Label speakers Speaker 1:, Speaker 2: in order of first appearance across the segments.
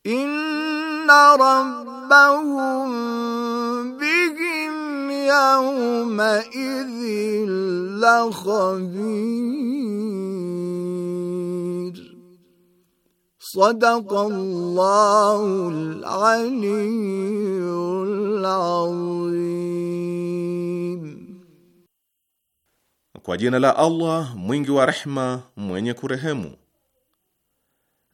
Speaker 1: inna rabbahum bihim yawma idhin lakhabir sadaqallahu al-aliyyul
Speaker 2: azim Kwa jina la Allah mwingi wa rehma mwenye kurehemu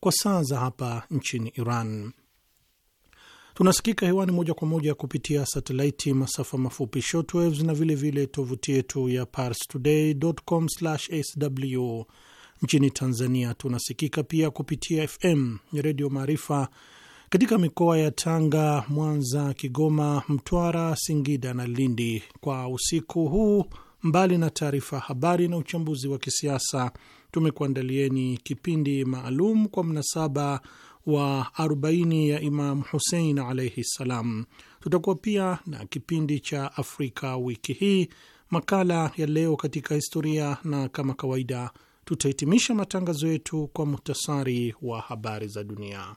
Speaker 3: kwa saa za hapa nchini Iran. Tunasikika hewani moja kwa moja kupitia satelaiti, masafa mafupi shortwaves, na vilevile tovuti yetu ya parstoday.com/sw. Nchini Tanzania tunasikika pia kupitia FM ni Redio Maarifa katika mikoa ya Tanga, Mwanza, Kigoma, Mtwara, Singida na Lindi. Kwa usiku huu, mbali na taarifa habari na uchambuzi wa kisiasa tumekuandalieni kipindi maalum kwa mnasaba wa 40 ya Imam Husein alaihi ssalam. Tutakuwa pia na kipindi cha Afrika wiki hii, makala ya leo katika historia, na kama kawaida tutahitimisha matangazo yetu kwa muhtasari wa habari za dunia.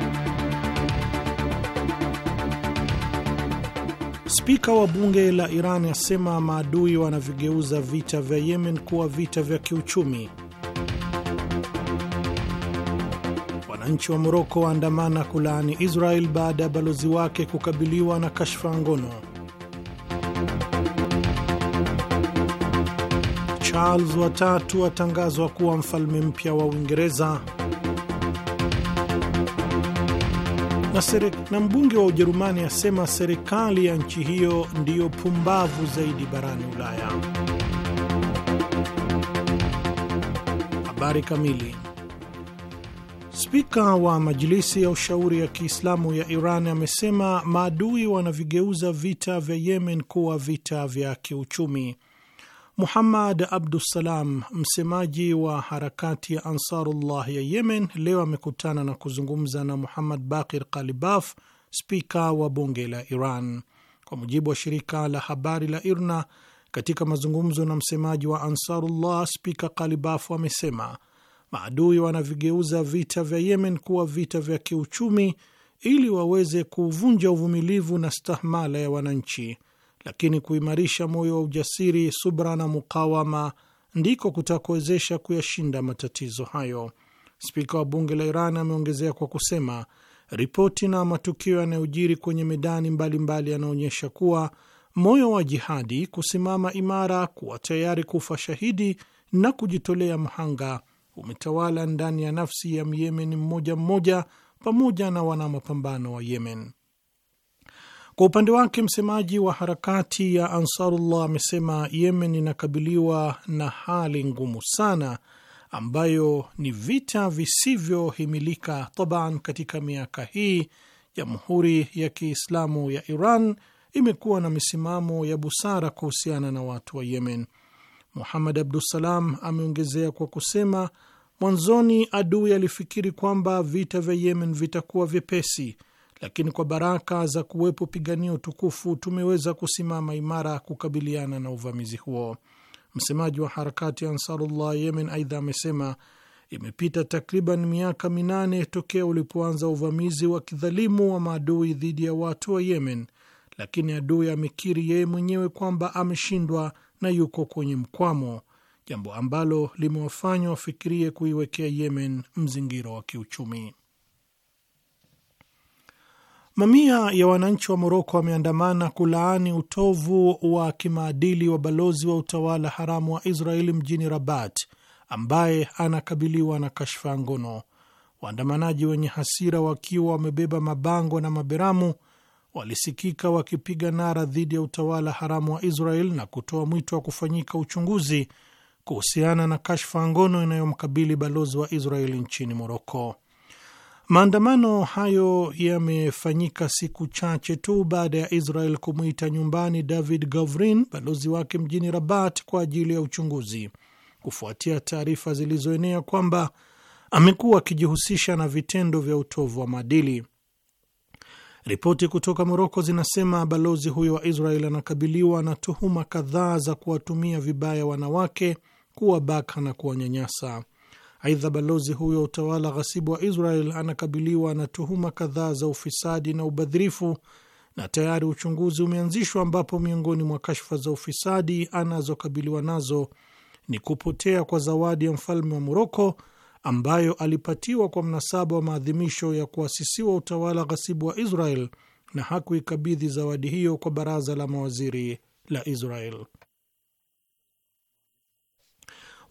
Speaker 3: Spika wa bunge la Iran asema maadui wanavigeuza vita vya Yemen kuwa vita vya kiuchumi. Wananchi wa Moroko waandamana kulaani Israel baada ya balozi wake kukabiliwa na kashfa ngono. Charles watatu atangazwa kuwa mfalme mpya wa Uingereza. na na mbunge wa Ujerumani asema serikali ya nchi hiyo ndiyo pumbavu zaidi barani Ulaya. Habari kamili. Spika wa Majilisi ya Ushauri ya Kiislamu ya Iran amesema maadui wanavigeuza vita vya Yemen kuwa vita vya kiuchumi. Muhammad Abdusalam, msemaji wa harakati ya Ansarullah ya Yemen, leo amekutana na kuzungumza na Muhammad Bakir Kalibaf, spika wa bunge la Iran. Kwa mujibu wa shirika la habari la IRNA, katika mazungumzo na msemaji wa Ansarullah, spika Kalibaf amesema maadui wanavigeuza vita vya Yemen kuwa vita vya kiuchumi ili waweze kuvunja uvumilivu na stahmala ya wananchi lakini kuimarisha moyo wa ujasiri, subra na mukawama ndiko kutakuwezesha kuyashinda matatizo hayo. Spika wa bunge la Iran ameongezea kwa kusema, ripoti na matukio yanayojiri kwenye medani mbalimbali yanaonyesha kuwa moyo wa jihadi, kusimama imara, kuwa tayari kufa shahidi na kujitolea mhanga umetawala ndani ya nafsi ya Myemeni mmoja mmoja, pamoja na wanamapambano wa Yemen. Kwa upande wake msemaji wa harakati ya Ansarullah amesema Yemen inakabiliwa na hali ngumu sana ambayo ni vita visivyohimilika taban. Katika miaka hii Jamhuri ya Kiislamu ya Iran imekuwa na misimamo ya busara kuhusiana na watu wa Yemen. Muhamad Abdusalam ameongezea kwa kusema, mwanzoni adui alifikiri kwamba vita vya Yemen vitakuwa vyepesi lakini kwa baraka za kuwepo piganio tukufu tumeweza kusimama imara kukabiliana na uvamizi huo. Msemaji wa harakati Ansarullah Yemen aidha amesema imepita takriban miaka minane tokea ulipoanza uvamizi wa kidhalimu wa maadui dhidi ya watu wa Yemen, lakini adui amekiri yeye mwenyewe kwamba ameshindwa na yuko kwenye mkwamo, jambo ambalo limewafanya wafikirie kuiwekea Yemen mzingiro wa kiuchumi. Mamia ya wananchi wa Moroko wameandamana kulaani utovu wa kimaadili wa balozi wa utawala haramu wa Israeli mjini Rabat ambaye anakabiliwa na kashfa ya ngono. Waandamanaji wenye hasira wakiwa wamebeba mabango na maberamu walisikika wakipiga nara dhidi ya utawala haramu wa Israel na kutoa mwito wa kufanyika uchunguzi kuhusiana na kashfa ya ngono inayomkabili balozi wa Israeli nchini Moroko. Maandamano hayo yamefanyika siku chache tu baada ya Israel kumwita nyumbani David Gavrin, balozi wake mjini Rabat, kwa ajili ya uchunguzi kufuatia taarifa zilizoenea kwamba amekuwa akijihusisha na vitendo vya utovu wa maadili. Ripoti kutoka Moroko zinasema balozi huyo wa Israel anakabiliwa na tuhuma kadhaa za kuwatumia vibaya wanawake, kuwabaka na kuwanyanyasa. Aidha, balozi huyo wa utawala ghasibu wa Israel anakabiliwa na tuhuma kadhaa za ufisadi na ubadhirifu, na tayari uchunguzi umeanzishwa, ambapo miongoni mwa kashfa za ufisadi anazokabiliwa nazo ni kupotea kwa zawadi ya mfalme wa Moroko ambayo alipatiwa kwa mnasaba wa maadhimisho ya kuasisiwa utawala ghasibu wa Israel na hakuikabidhi zawadi hiyo kwa baraza la mawaziri la Israel.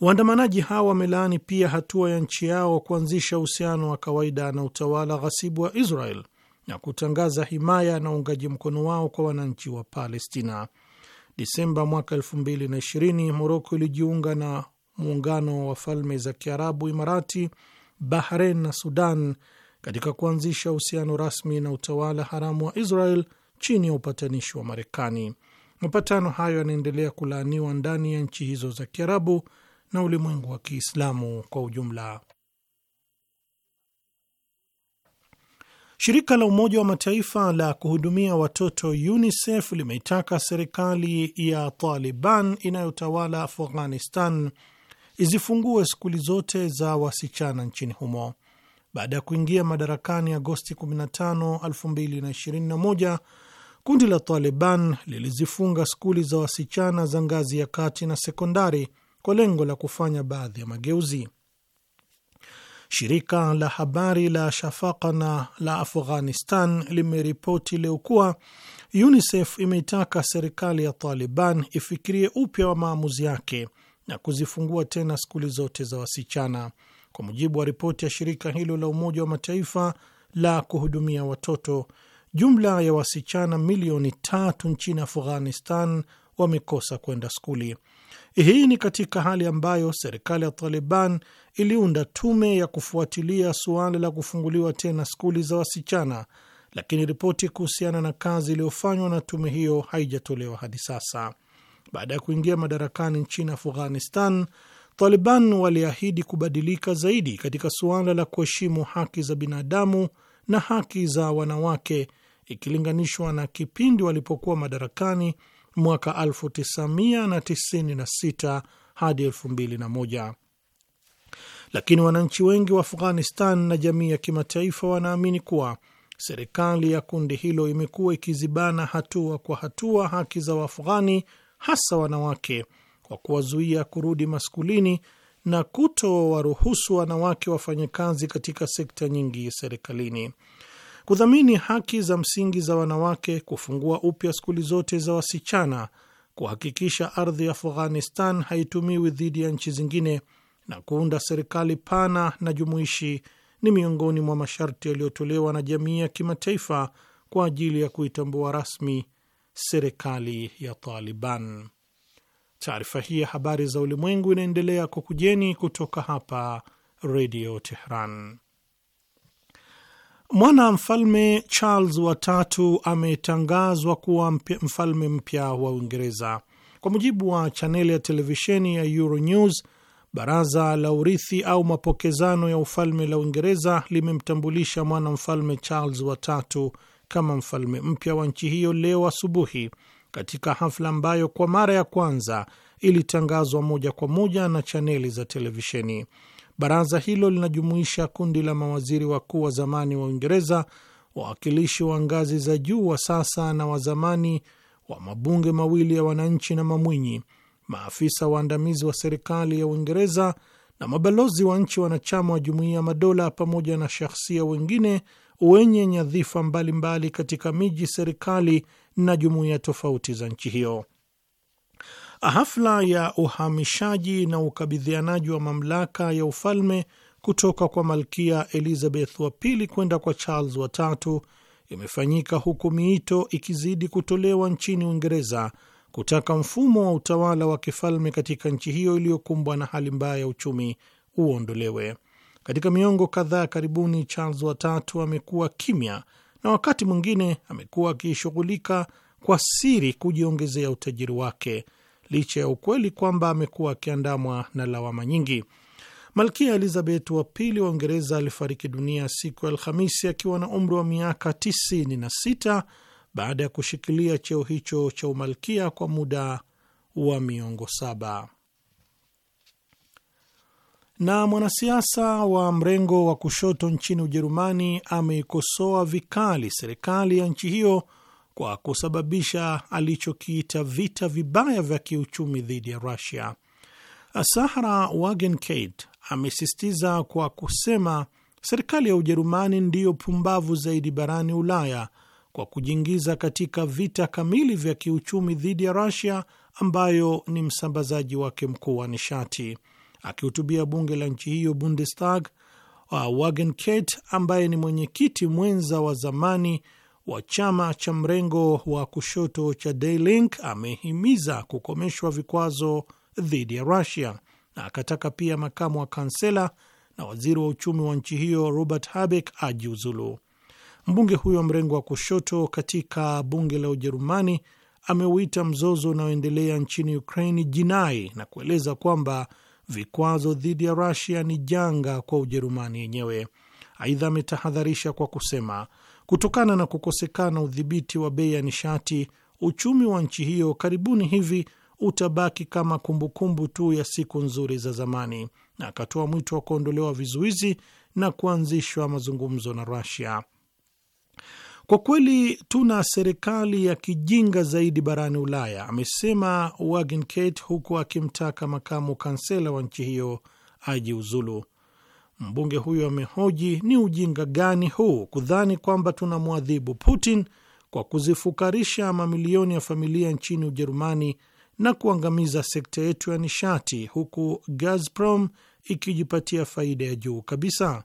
Speaker 3: Waandamanaji hawa wamelaani pia hatua ya nchi yao kuanzisha uhusiano wa kawaida na utawala ghasibu wa Israel na kutangaza himaya na uungaji mkono wao kwa wananchi wa Palestina. Desemba mwaka 2020 Moroko ilijiunga na muungano wa falme za Kiarabu, Imarati, Bahrain na Sudan katika kuanzisha uhusiano rasmi na utawala haramu wa Israel chini ya upatanishi wa Marekani. Mapatano hayo yanaendelea kulaaniwa ndani ya nchi hizo za Kiarabu na ulimwengu wa Kiislamu kwa ujumla. Shirika la Umoja wa Mataifa la kuhudumia watoto UNICEF limeitaka serikali ya Taliban inayotawala Afghanistan izifungue skuli zote za wasichana nchini humo baada ya kuingia madarakani Agosti 15, 2021. Kundi la Taliban lilizifunga skuli za wasichana za ngazi ya kati na sekondari kwa lengo la kufanya baadhi ya mageuzi. Shirika la habari la Shafaka na la Afghanistan limeripoti leo kuwa UNICEF imeitaka serikali ya Taliban ifikirie upya wa maamuzi yake na kuzifungua tena skuli zote za wasichana. Kwa mujibu wa ripoti ya shirika hilo la Umoja wa Mataifa la kuhudumia watoto, jumla ya wasichana milioni tatu nchini Afghanistan wamekosa kwenda skuli. Hii ni katika hali ambayo serikali ya Taliban iliunda tume ya kufuatilia suala la kufunguliwa tena skuli za wasichana, lakini ripoti kuhusiana na kazi iliyofanywa na tume hiyo haijatolewa hadi sasa. Baada ya kuingia madarakani nchini Afghanistan, Taliban waliahidi kubadilika zaidi katika suala la kuheshimu haki za binadamu na haki za wanawake ikilinganishwa na kipindi walipokuwa madarakani mwaka 1996 hadi 2001. Lakini wananchi wengi wa Afghanistan na jamii ya kimataifa wanaamini kuwa serikali ya kundi hilo imekuwa ikizibana hatua kwa hatua haki za Waafghani, hasa wanawake, kwa kuwazuia kurudi maskulini na kutowaruhusu wanawake wafanye kazi katika sekta nyingi serikalini kudhamini haki za msingi za wanawake, kufungua upya skuli zote za wasichana, kuhakikisha ardhi ya Afghanistan haitumiwi dhidi ya nchi zingine na kuunda serikali pana na jumuishi ni miongoni mwa masharti yaliyotolewa na jamii ya kimataifa kwa ajili ya kuitambua rasmi serikali ya Taliban. Taarifa hii ya habari za ulimwengu inaendelea kukujeni kutoka hapa Redio Tehran. Mwana mfalme Charles watatu ametangazwa kuwa mfalme mpya wa Uingereza. Kwa mujibu wa chaneli ya televisheni ya Euronews, baraza la urithi au mapokezano ya ufalme la Uingereza limemtambulisha mwana mfalme Charles watatu kama mfalme mpya wa nchi hiyo leo asubuhi katika hafla ambayo kwa mara ya kwanza ilitangazwa moja kwa moja na chaneli za televisheni. Baraza hilo linajumuisha kundi la mawaziri wakuu wa zamani wa Uingereza, wawakilishi wa ngazi za juu wa sasa na wa zamani wa mabunge mawili ya wananchi na mamwinyi, maafisa waandamizi wa serikali ya Uingereza na mabalozi wa nchi wanachama wa Jumuiya ya Madola pamoja na shahsia wengine wenye nyadhifa mbalimbali mbali katika miji, serikali na jumuiya tofauti za nchi hiyo. Hafla ya uhamishaji na ukabidhianaji wa mamlaka ya ufalme kutoka kwa Malkia Elizabeth wa pili kwenda kwa Charles wa tatu imefanyika huku miito ikizidi kutolewa nchini Uingereza kutaka mfumo wa utawala wa kifalme katika nchi hiyo iliyokumbwa na hali mbaya ya uchumi uondolewe. Katika miongo kadhaa karibuni, Charles wa tatu amekuwa kimya na wakati mwingine amekuwa akishughulika kwa siri kujiongezea utajiri wake licha ya ukweli kwamba amekuwa akiandamwa na lawama nyingi. Malkia Elizabeth wa pili wa Uingereza alifariki dunia siku ya Alhamisi akiwa na umri wa miaka 96 baada ya kushikilia cheo hicho cha umalkia kwa muda wa miongo saba. Na mwanasiasa wa mrengo wa kushoto nchini Ujerumani ameikosoa vikali serikali ya nchi hiyo kwa kusababisha alichokiita vita vibaya vya kiuchumi dhidi ya Rusia. Sahra Wagenknecht amesisitiza kwa kusema serikali ya Ujerumani ndiyo pumbavu zaidi barani Ulaya kwa kujiingiza katika vita kamili vya kiuchumi dhidi ya Rusia ambayo ni msambazaji wake mkuu wa nishati. Akihutubia bunge la nchi hiyo Bundestag, uh, Wagenknecht ambaye ni mwenyekiti mwenza wa zamani wa chama cha mrengo wa kushoto cha Daylink amehimiza kukomeshwa vikwazo dhidi ya Rusia na akataka pia makamu wa kansela na waziri wa uchumi wa nchi hiyo Robert Habeck ajiuzulu. Mbunge huyo wa mrengo wa kushoto katika bunge la Ujerumani ameuita mzozo unaoendelea nchini Ukraini jinai na kueleza kwamba vikwazo dhidi ya Rusia ni janga kwa Ujerumani yenyewe. Aidha, ametahadharisha kwa kusema Kutokana na kukosekana udhibiti wa bei ya nishati, uchumi wa nchi hiyo karibuni hivi utabaki kama kumbukumbu tu ya siku nzuri za zamani, na akatoa mwito wa kuondolewa vizuizi na kuanzishwa mazungumzo na Russia. Kwa kweli tuna serikali ya kijinga zaidi barani Ulaya, amesema Wagenknecht, huku akimtaka makamu kansela wa nchi hiyo ajiuzulu. Mbunge huyo amehoji ni ujinga gani huu kudhani kwamba tunamwadhibu Putin kwa kuzifukarisha mamilioni ya familia nchini Ujerumani na kuangamiza sekta yetu ya nishati, huku Gazprom ikijipatia faida ya juu kabisa.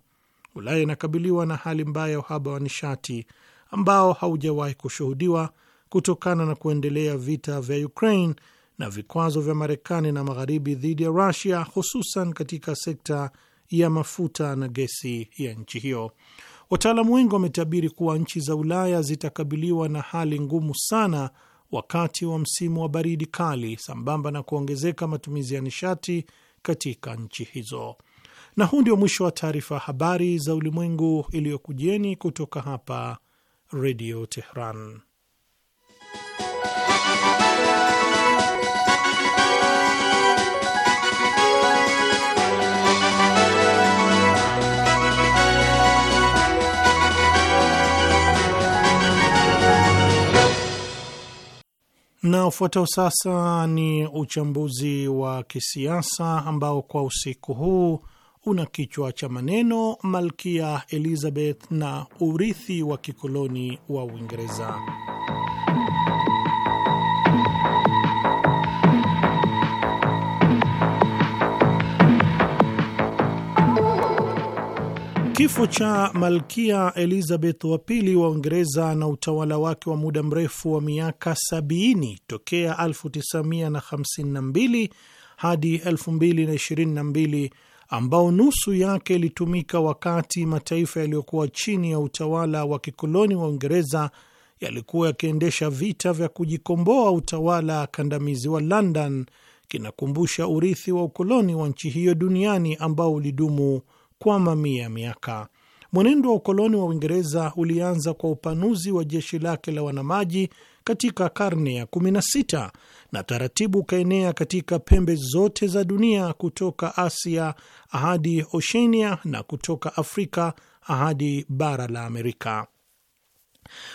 Speaker 3: Ulaya inakabiliwa na hali mbaya ya uhaba wa nishati ambao haujawahi kushuhudiwa kutokana na kuendelea vita vya Ukraine na vikwazo vya Marekani na Magharibi dhidi ya Rusia, hususan katika sekta ya mafuta na gesi ya nchi hiyo. Wataalamu wengi wametabiri kuwa nchi za Ulaya zitakabiliwa na hali ngumu sana wakati wa msimu wa baridi kali, sambamba na kuongezeka matumizi ya nishati katika nchi hizo. Na huu ndio mwisho wa taarifa habari za ulimwengu iliyokujieni kutoka hapa Redio Tehran. Na ufuatao sasa ni uchambuzi wa kisiasa ambao kwa usiku huu una kichwa cha maneno Malkia Elizabeth na urithi wa kikoloni wa Uingereza. Kifo cha Malkia Elizabeth wa pili wa Uingereza na utawala wake wa muda mrefu wa miaka 70 tokea 1952 hadi 2022 ambao nusu yake ilitumika wakati mataifa yaliyokuwa chini ya utawala wa kikoloni wa Uingereza yalikuwa yakiendesha vita vya kujikomboa utawala kandamizi wa London, kinakumbusha urithi wa ukoloni wa nchi hiyo duniani ambao ulidumu kwa mamia ya miaka. Mwenendo wa ukoloni wa Uingereza ulianza kwa upanuzi wa jeshi lake la wanamaji katika karne ya 16 na taratibu ukaenea katika pembe zote za dunia, kutoka Asia hadi Oshenia na kutoka Afrika hadi bara la Amerika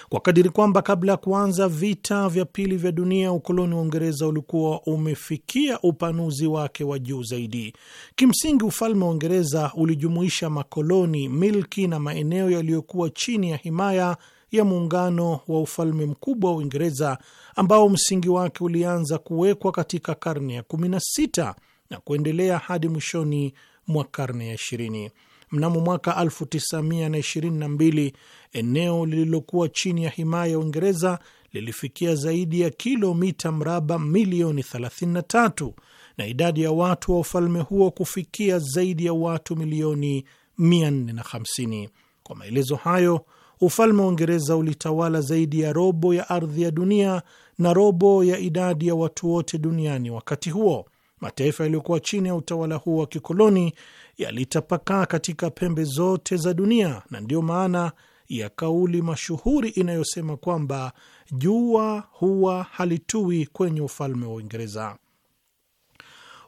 Speaker 3: kwa kadiri kwamba kabla ya kuanza vita vya pili vya dunia ukoloni wa Uingereza ulikuwa umefikia upanuzi wake wa juu zaidi. Kimsingi, ufalme wa Uingereza ulijumuisha makoloni, milki na maeneo yaliyokuwa chini ya himaya ya muungano wa ufalme mkubwa wa Uingereza ambao msingi wake ulianza kuwekwa katika karne ya 16 na kuendelea hadi mwishoni mwa karne ya ishirini mnamo mwaka 1922 eneo lililokuwa chini ya himaya ya Uingereza lilifikia zaidi ya kilomita mraba milioni 33 na idadi ya watu wa ufalme huo kufikia zaidi ya watu milioni 450. Kwa maelezo hayo, ufalme wa Uingereza ulitawala zaidi ya robo ya ardhi ya dunia na robo ya idadi ya watu wote duniani wakati huo. Mataifa yaliyokuwa chini ya utawala huo wa kikoloni yalitapakaa katika pembe zote za dunia, na ndiyo maana ya kauli mashuhuri inayosema kwamba jua huwa halitui kwenye ufalme wa Uingereza.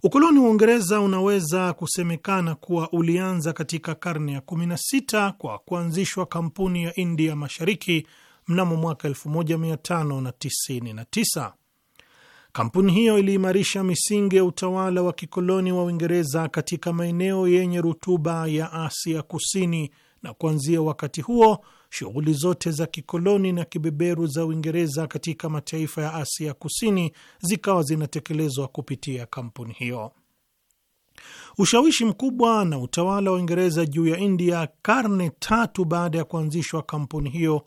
Speaker 3: Ukoloni wa Uingereza unaweza kusemekana kuwa ulianza katika karne ya 16 kwa kuanzishwa kampuni ya India Mashariki mnamo mwaka 1599. Kampuni hiyo iliimarisha misingi ya utawala wa kikoloni wa Uingereza katika maeneo yenye rutuba ya Asia Kusini, na kuanzia wakati huo shughuli zote za kikoloni na kibeberu za Uingereza katika mataifa ya Asia Kusini zikawa zinatekelezwa kupitia kampuni hiyo. Ushawishi mkubwa na utawala wa Uingereza juu ya India karne tatu baada ya kuanzishwa kampuni hiyo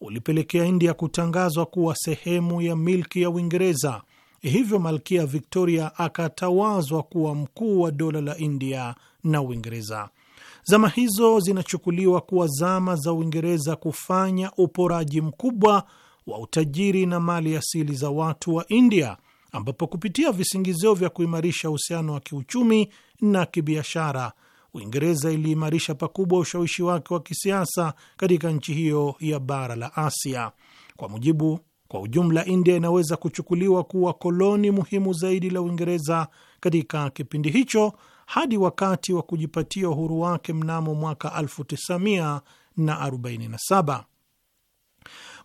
Speaker 3: ulipelekea India kutangazwa kuwa sehemu ya milki ya Uingereza hivyo Malkia Victoria akatawazwa kuwa mkuu wa dola la India na Uingereza. Zama hizo zinachukuliwa kuwa zama za Uingereza kufanya uporaji mkubwa wa utajiri na mali asili za watu wa India, ambapo kupitia visingizio vya kuimarisha uhusiano wa kiuchumi na kibiashara, Uingereza iliimarisha pakubwa ushawishi wake wa kisiasa katika nchi hiyo ya bara la Asia. Kwa mujibu kwa ujumla, India inaweza kuchukuliwa kuwa koloni muhimu zaidi la Uingereza katika kipindi hicho hadi wakati wa kujipatia uhuru wake mnamo mwaka 1947.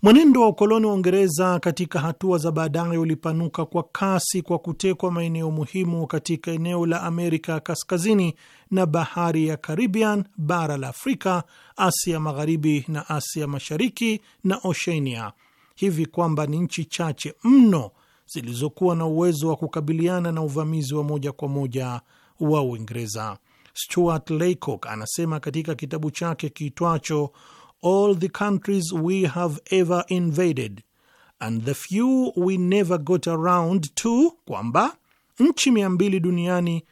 Speaker 3: Mwenendo wa ukoloni wa Uingereza katika hatua za baadaye ulipanuka kwa kasi kwa kutekwa maeneo muhimu katika eneo la Amerika ya Kaskazini na bahari ya Caribbean, bara la Afrika, Asia Magharibi na Asia Mashariki na Oceania hivi kwamba ni nchi chache mno zilizokuwa na uwezo wa kukabiliana na uvamizi wa moja kwa moja wa Uingereza. Stuart Laycock anasema katika kitabu chake kiitwacho All the Countries We Have Ever Invaded and the Few We Never Got Around To, kwamba nchi mia mbili duniani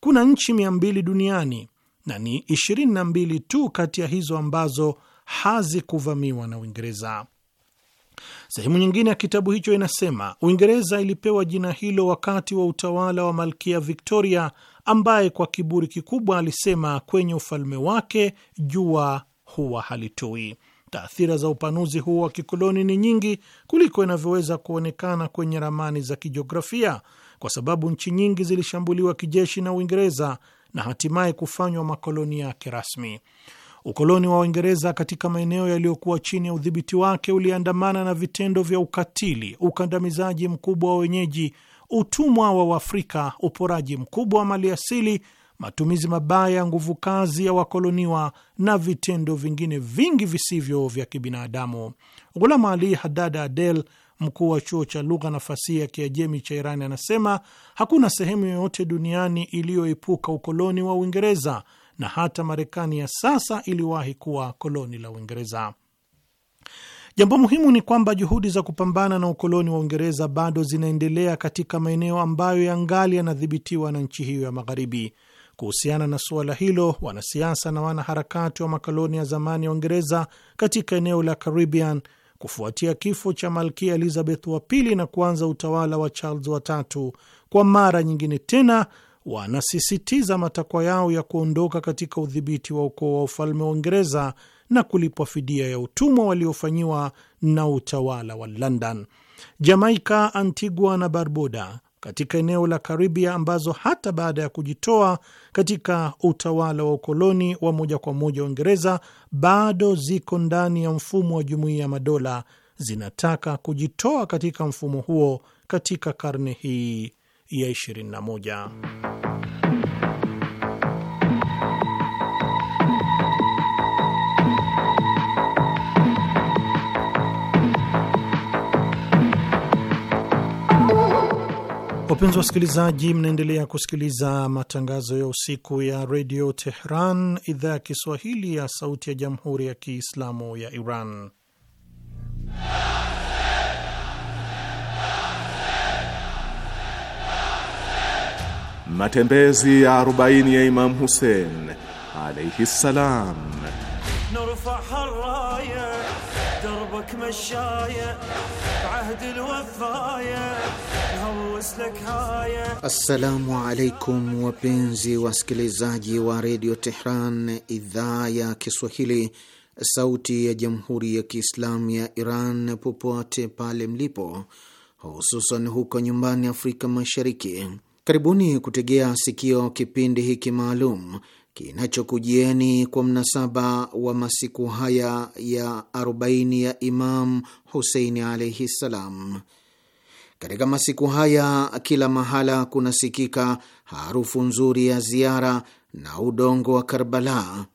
Speaker 3: kuna nchi mia mbili duniani na ni 22 tu kati ya hizo ambazo hazikuvamiwa na Uingereza. Sehemu nyingine ya kitabu hicho inasema Uingereza ilipewa jina hilo wakati wa utawala wa Malkia Victoria, ambaye kwa kiburi kikubwa alisema kwenye ufalme wake jua huwa halitui. Taathira za upanuzi huo wa kikoloni ni nyingi kuliko inavyoweza kuonekana kwenye ramani za kijiografia, kwa sababu nchi nyingi zilishambuliwa kijeshi na Uingereza na hatimaye kufanywa makoloni yake rasmi. Ukoloni wa Uingereza katika maeneo yaliyokuwa chini ya udhibiti wake uliandamana na vitendo vya ukatili, ukandamizaji mkubwa wa wenyeji, utumwa wa Waafrika, uporaji mkubwa wa maliasili, matumizi mabaya ya nguvu kazi ya wakoloniwa na vitendo vingine vingi visivyo vya kibinadamu. Ghulam Ali Haddad Adel, mkuu wa chuo cha lugha na fasihi ya Kiajemi cha Irani, anasema hakuna sehemu yoyote duniani iliyoepuka ukoloni wa Uingereza na hata Marekani ya sasa iliwahi kuwa koloni la Uingereza. Jambo muhimu ni kwamba juhudi za kupambana na ukoloni wa Uingereza bado zinaendelea katika maeneo ambayo yangali yanadhibitiwa na nchi hiyo ya Magharibi. Kuhusiana na suala hilo, wanasiasa na wanaharakati wa makoloni ya zamani ya Uingereza katika eneo la Caribbean, kufuatia kifo cha Malkia Elizabeth wa pili na kuanza utawala wa Charles watatu, kwa mara nyingine tena wanasisitiza matakwa yao ya kuondoka katika udhibiti wa ukoo wa ufalme wa Uingereza na kulipwa fidia ya utumwa waliofanyiwa na utawala wa London. Jamaika, Antigua na Barbuda katika eneo la Karibia ambazo hata baada ya kujitoa katika utawala wa ukoloni wa moja kwa moja wa Uingereza bado ziko ndani ya mfumo wa Jumuiya ya Madola zinataka kujitoa katika mfumo huo katika karne hii ya 21. Wapenzi wasikilizaji, mnaendelea kusikiliza matangazo ya usiku ya redio Tehran, idhaa ya Kiswahili ya sauti ya jamhuri ya Kiislamu ya Iran.
Speaker 2: Matembezi ya 40 ya Imam Hussein alaihi ssalam.
Speaker 4: دربك مشاية عهد الوفاية نهوس لك
Speaker 5: السلام عليكم wapenzi wasikilizaji wa redio Tehran idhaa ya Kiswahili sauti ya jamhuri ya Kiislamu ya Iran popote pale mlipo hususan huko nyumbani Afrika Mashariki karibuni kutegea sikio kipindi hiki maalum kinachokujieni kwa mnasaba wa masiku haya ya 40 ya Imam Huseini alaihi ssalam. Katika masiku haya kila mahala kunasikika harufu nzuri ya ziara na udongo wa Karbala.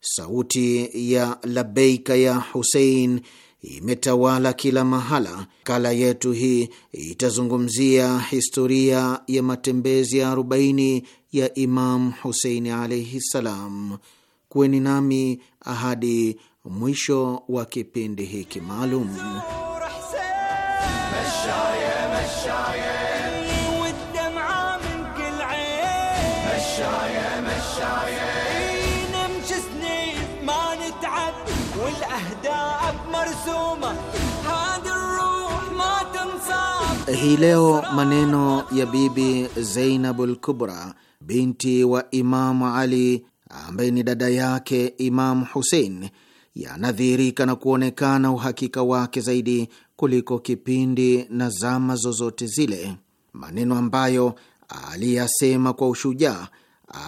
Speaker 5: Sauti ya labeika ya Husein imetawala kila mahala. Kala yetu hii itazungumzia historia ya matembezi ya arobaini ya Imam Huseini alaihi ssalam. Kuweni nami ahadi mwisho wa kipindi hiki maalum. Hii leo maneno ya Bibi Zainabul Kubra binti wa Imamu Ali ambaye ni dada yake Imamu Husein yanadhihirika na kuonekana uhakika wake zaidi kuliko kipindi na zama zozote zile, maneno ambayo aliyasema kwa ushujaa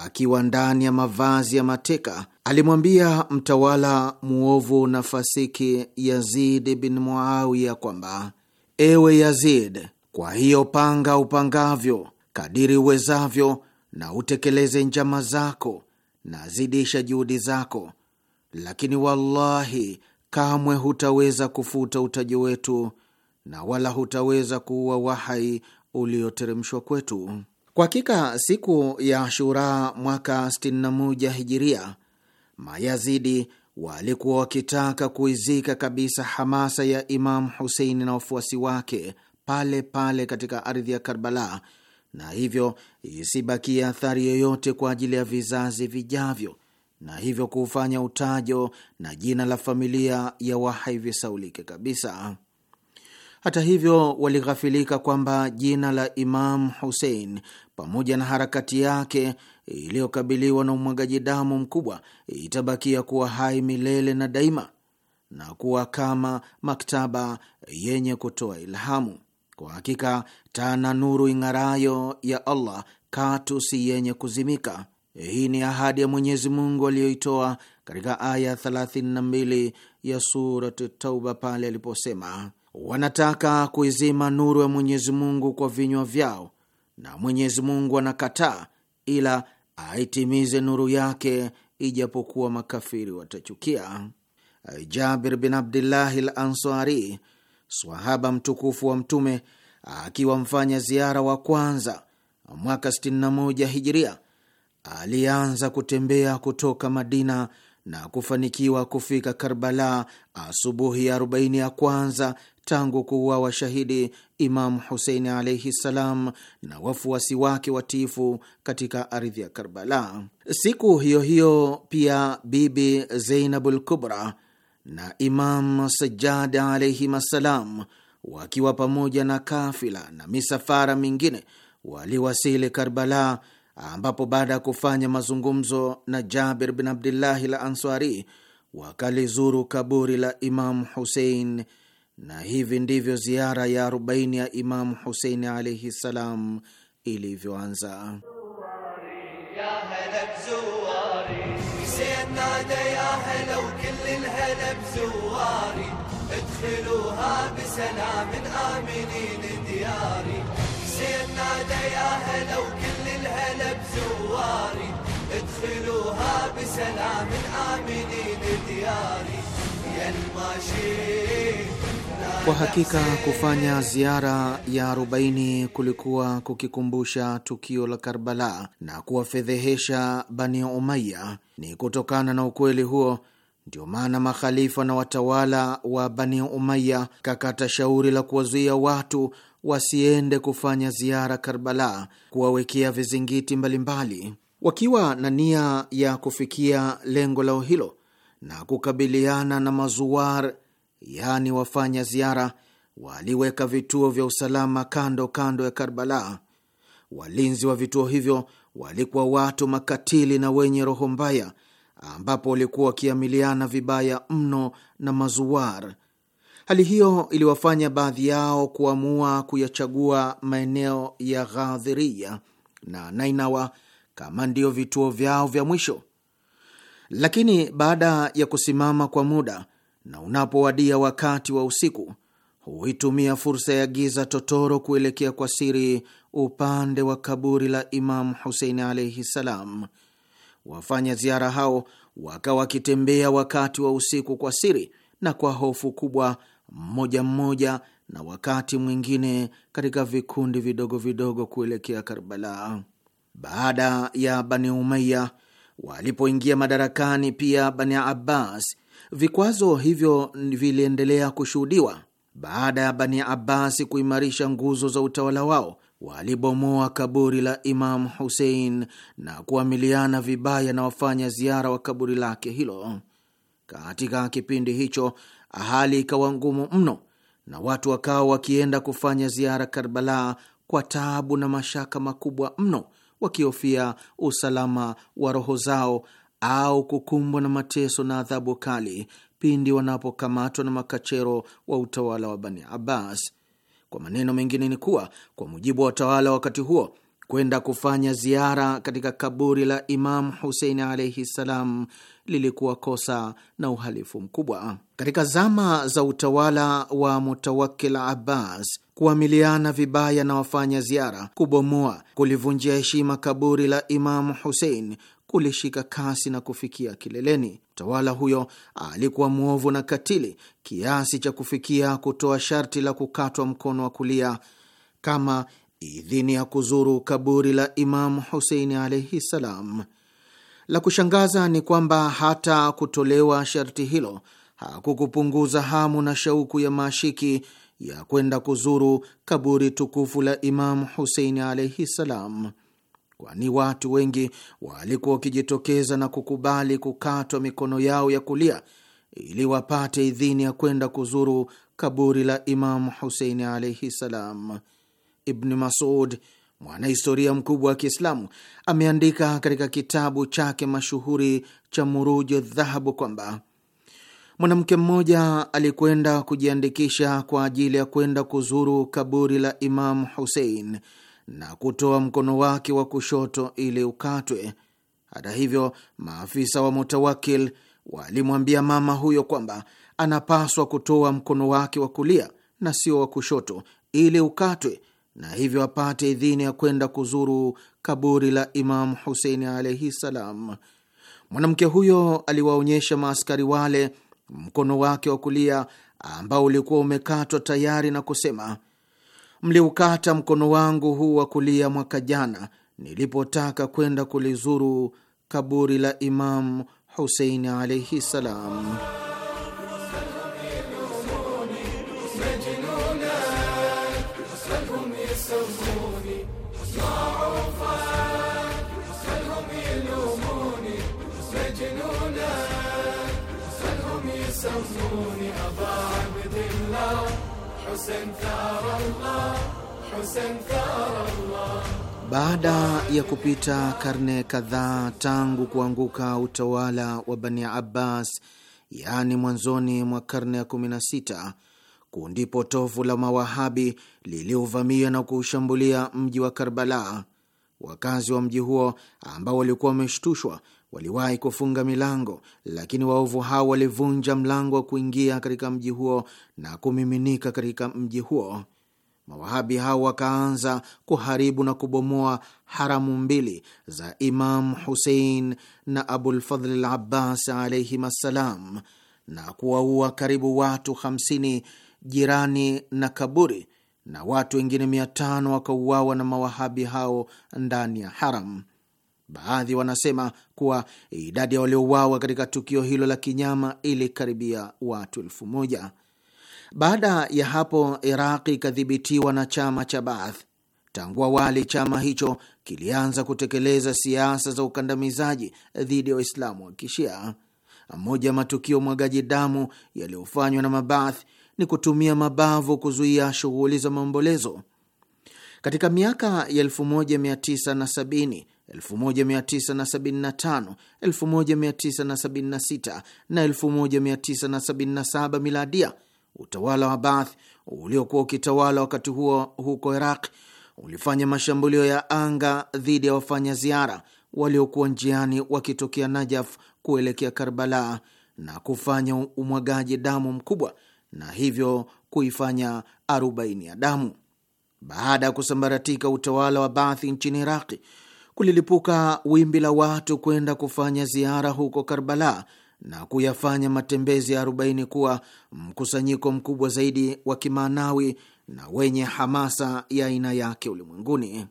Speaker 5: akiwa ndani ya mavazi ya mateka. Alimwambia mtawala mwovu na fasiki Yazid bin Muawiya kwamba, ewe Yazid, kwa hiyo panga upangavyo kadiri uwezavyo, na utekeleze njama zako na zidisha juhudi zako, lakini wallahi, kamwe hutaweza kufuta utaji wetu na wala hutaweza kuua wahai ulioteremshwa kwetu. Kwa hakika siku ya shuraa mwaka 61 Hijiria, Mayazidi walikuwa wakitaka kuizika kabisa hamasa ya Imamu Huseini na wafuasi wake pale pale katika ardhi ya Karbala, na hivyo isibakie athari yoyote kwa ajili ya vizazi vijavyo, na hivyo kuufanya utajo na jina la familia ya Wahai visaulike kabisa. Hata hivyo walighafilika kwamba jina la Imam Husein pamoja na harakati yake iliyokabiliwa na umwagaji damu mkubwa itabakia kuwa hai milele na daima na kuwa kama maktaba yenye kutoa ilhamu. Kwa hakika tana nuru ing'arayo ya Allah katu si yenye kuzimika. Hii ni ahadi ya Mwenyezi Mungu aliyoitoa katika aya 32 ya Surat Tauba pale aliposema, wanataka kuizima nuru ya Mwenyezi Mungu kwa vinywa vyao na Mwenyezi Mungu anakataa ila aitimize nuru yake ijapokuwa makafiri watachukia. Jabir bin Abdillahi al Ansari swahaba mtukufu wa Mtume akiwa mfanya ziara wa kwanza mwaka 61 Hijiria, alianza kutembea kutoka Madina na kufanikiwa kufika Karbala asubuhi ya 40 ya kwanza tangu kuwa shahidi Imamu Huseini alaihi ssalam na wafuasi wake watifu katika ardhi ya Karbala. Siku hiyo hiyo pia Bibi Zeinabul Kubra na Imam Sajjad alaihim assalam wakiwa pamoja na kafila na misafara mingine waliwasili Karbala, ambapo baada ya kufanya mazungumzo na Jabir bin Abdillahi la Ansari wakalizuru kaburi la Imamu Husein, na hivi ndivyo ziara ya 40 ya Imamu Husein alaihi ssalam ilivyoanza.
Speaker 1: لنا من آمنين دياري حسين نادى يا هلا وكل الهلا بزواري ادخلوها بسلام آمنين دياري يا الماشي
Speaker 5: kwa hakika kufanya ziara ya 40 kulikuwa kukikumbusha tukio la Karbala na kuwafedhehesha Bani Umaya. Ni kutokana na ukweli huo ndio maana makhalifa na watawala wa Bani Umaya kakata shauri la kuwazuia watu wasiende kufanya ziara Karbala, kuwawekea vizingiti mbalimbali, wakiwa na nia ya kufikia lengo lao hilo na kukabiliana na mazuwar, yaani wafanya ziara. Waliweka vituo vya usalama kando kando ya Karbala. Walinzi wa vituo hivyo walikuwa watu makatili na wenye roho mbaya ambapo walikuwa wakiamiliana vibaya mno na mazuwar. Hali hiyo iliwafanya baadhi yao kuamua kuyachagua maeneo ya Ghadhiria na Nainawa kama ndiyo vituo vyao vya mwisho, lakini baada ya kusimama kwa muda na unapowadia wakati wa usiku huitumia fursa ya giza totoro kuelekea kwa siri upande wa kaburi la Imamu Husein alaihi ssalam wafanya ziara hao wakawa wakitembea wakati wa usiku kwa siri na kwa hofu kubwa, mmoja mmoja, na wakati mwingine katika vikundi vidogo vidogo kuelekea Karbala. Baada ya Bani Umayya walipoingia madarakani, pia Bani Abbas, vikwazo hivyo viliendelea kushuhudiwa. Baada ya Bani abbas kuimarisha nguzo za utawala wao walibomoa kaburi la Imamu Husein na kuamiliana vibaya na wafanya ziara wa kaburi lake hilo. Katika kipindi hicho hali ikawa ngumu mno, na watu wakawa wakienda kufanya ziara Karbala kwa taabu na mashaka makubwa mno, wakihofia usalama wa roho zao au kukumbwa na mateso na adhabu kali pindi wanapokamatwa na makachero wa utawala wa Bani Abbas. Kwa maneno mengine ni kuwa, kwa mujibu wa watawala wakati huo, kwenda kufanya ziara katika kaburi la Imamu Husein alaihi ssalam lilikuwa kosa na uhalifu mkubwa. Katika zama za utawala wa Mutawakil Abbas, kuamiliana vibaya na wafanya ziara, kubomoa, kulivunjia heshima kaburi la Imamu Husein ulishika kasi na kufikia kileleni. Mtawala huyo alikuwa mwovu na katili kiasi cha kufikia kutoa sharti la kukatwa mkono wa kulia kama idhini ya kuzuru kaburi la Imamu Huseini alaihi salam. La kushangaza ni kwamba hata kutolewa sharti hilo hakukupunguza hamu na shauku ya maashiki ya kwenda kuzuru kaburi tukufu la Imamu Huseini alaihi ssalam kwani watu wengi walikuwa wakijitokeza na kukubali kukatwa mikono yao ya kulia ili wapate idhini ya kwenda kuzuru kaburi la Imamu Huseini alaihi salam. Ibni Masud, mwanahistoria mkubwa wa Kiislamu, ameandika katika kitabu chake mashuhuri cha Murujo Dhahabu kwamba mwanamke mmoja alikwenda kujiandikisha kwa ajili ya kwenda kuzuru kaburi la Imamu Husein na kutoa mkono wake wa kushoto ili ukatwe. Hata hivyo, maafisa wa Mutawakil walimwambia mama huyo kwamba anapaswa kutoa mkono wake wa kulia na sio wa kushoto ili ukatwe, na hivyo apate idhini ya kwenda kuzuru kaburi la Imamu Huseini alaihi salam. Mwanamke huyo aliwaonyesha maaskari wale mkono wake wa kulia ambao ulikuwa umekatwa tayari na kusema mliukata mkono wangu huu wa kulia mwaka jana nilipotaka kwenda kulizuru kaburi la Imamu Huseini alaihi salam. Baada ya kupita karne kadhaa tangu kuanguka utawala wa Bani Abbas, yaani mwanzoni mwa karne ya 16, kundi potofu la Mawahabi liliovamia na kuushambulia mji wa Karbala. Wakazi wa mji huo ambao walikuwa wameshtushwa waliwahi kufunga milango, lakini waovu hao walivunja mlango wa kuingia katika mji huo na kumiminika katika mji huo. Mawahabi hao wakaanza kuharibu na kubomoa haramu mbili za imam Husein na Abulfadhli l Abbas alaihim assalam, na kuwaua karibu watu 50 jirani na kaburi, na watu wengine mia tano wakauawa na mawahabi hao ndani ya haram. Baadhi wanasema kuwa idadi ya waliouawa katika tukio hilo la kinyama ilikaribia watu elfu moja. Baada ya hapo, Iraqi ikadhibitiwa na chama cha Baath. Tangu awali chama hicho kilianza kutekeleza siasa za ukandamizaji dhidi ya Waislamu wa Kishia. Moja ya matukio mwagaji damu yaliyofanywa na Mabath ni kutumia mabavu kuzuia shughuli za maombolezo. Katika miaka ya 1970 1975, 1976 na 1977 miladia. Utawala wa Baath uliokuwa ukitawala wakati huo huko Iraq ulifanya mashambulio ya anga dhidi ya wafanya ziara waliokuwa njiani wakitokea Najaf kuelekea Karbala na kufanya umwagaji damu mkubwa na hivyo kuifanya arobaini ya damu. Baada ya kusambaratika utawala wa Baathi nchini Iraqi, kulilipuka wimbi la watu kwenda kufanya ziara huko Karbala na kuyafanya matembezi ya 40 kuwa mkusanyiko mkubwa zaidi wa kimaanawi na wenye hamasa ya aina yake ulimwenguni.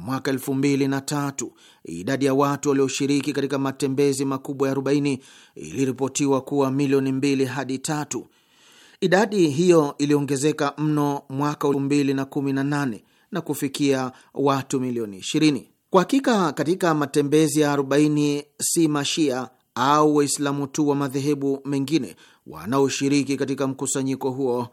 Speaker 5: Mwaka elfu mbili na tatu idadi ya watu walioshiriki katika matembezi makubwa ya 40 iliripotiwa kuwa milioni mbili hadi tatu. Idadi hiyo iliongezeka mno mwaka elfu mbili na kumi na nane na kufikia watu milioni 20. Kwa hakika katika matembezi ya 40 si mashia au Waislamu tu wa madhehebu mengine wanaoshiriki katika mkusanyiko huo,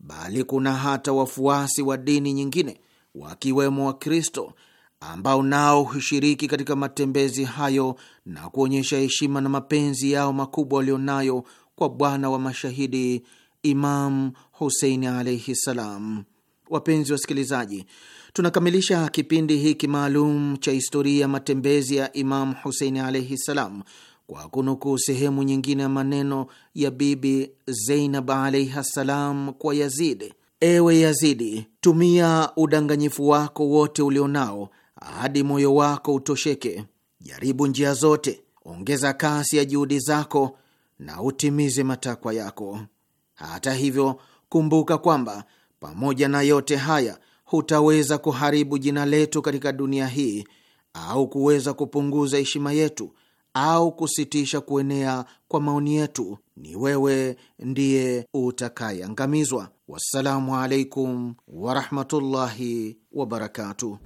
Speaker 5: bali kuna hata wafuasi wa dini nyingine wakiwemo Wakristo ambao nao hushiriki katika matembezi hayo na kuonyesha heshima na mapenzi yao makubwa walionayo kwa bwana wa mashahidi Imam Huseini alaihi salam. Wapenzi wasikilizaji Tunakamilisha kipindi hiki maalum cha historia ya matembezi ya Imamu husein alaihi ssalam kwa kunukuu sehemu nyingine ya maneno ya Bibi Zeinab alaihi ssalam kwa Yazidi: Ewe Yazidi, tumia udanganyifu wako wote ulionao hadi moyo wako utosheke. Jaribu njia zote, ongeza kasi ya juhudi zako na utimize matakwa yako. Hata hivyo, kumbuka kwamba pamoja na yote haya hutaweza kuharibu jina letu katika dunia hii au kuweza kupunguza heshima yetu au kusitisha kuenea kwa maoni yetu. Ni wewe ndiye utakayeangamizwa. Wassalamu alaikum warahmatullahi wabarakatuh.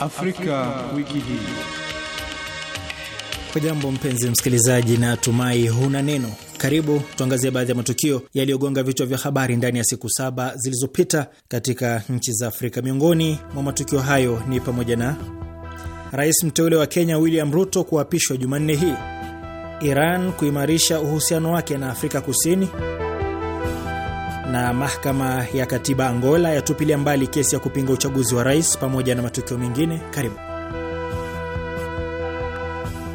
Speaker 3: Afrika, wiki hii.
Speaker 6: Kwa jambo mpenzi msikilizaji, na tumai huna neno. Karibu tuangazie baadhi ya matukio yaliyogonga vichwa vya habari ndani ya siku saba zilizopita katika nchi za Afrika. Miongoni mwa matukio hayo ni pamoja na rais mteule wa Kenya William Ruto kuapishwa Jumanne hii, Iran kuimarisha uhusiano wake na Afrika Kusini, na mahakama ya katiba Angola yatupilia mbali kesi ya kupinga uchaguzi wa rais pamoja na matukio mengine. Karibu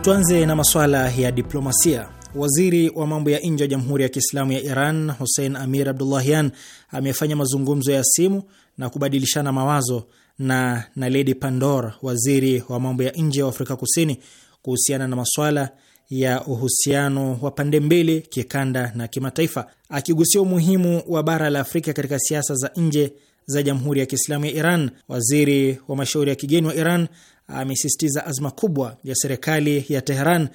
Speaker 6: tuanze na masuala ya diplomasia. Waziri wa mambo ya nje wa Jamhuri ya Kiislamu ya Iran Hussein Amir Abdullahian amefanya mazungumzo ya simu na kubadilishana mawazo na Naledi Pandor, waziri wa mambo ya nje wa Afrika Kusini, kuhusiana na masuala ya uhusiano wa pande mbili, kikanda na kimataifa. Akigusia umuhimu wa bara la Afrika katika siasa za nje za Jamhuri ya Kiislamu ya Iran, waziri wa mashauri ya kigeni wa Iran amesisitiza azma kubwa ya serikali ya Teheran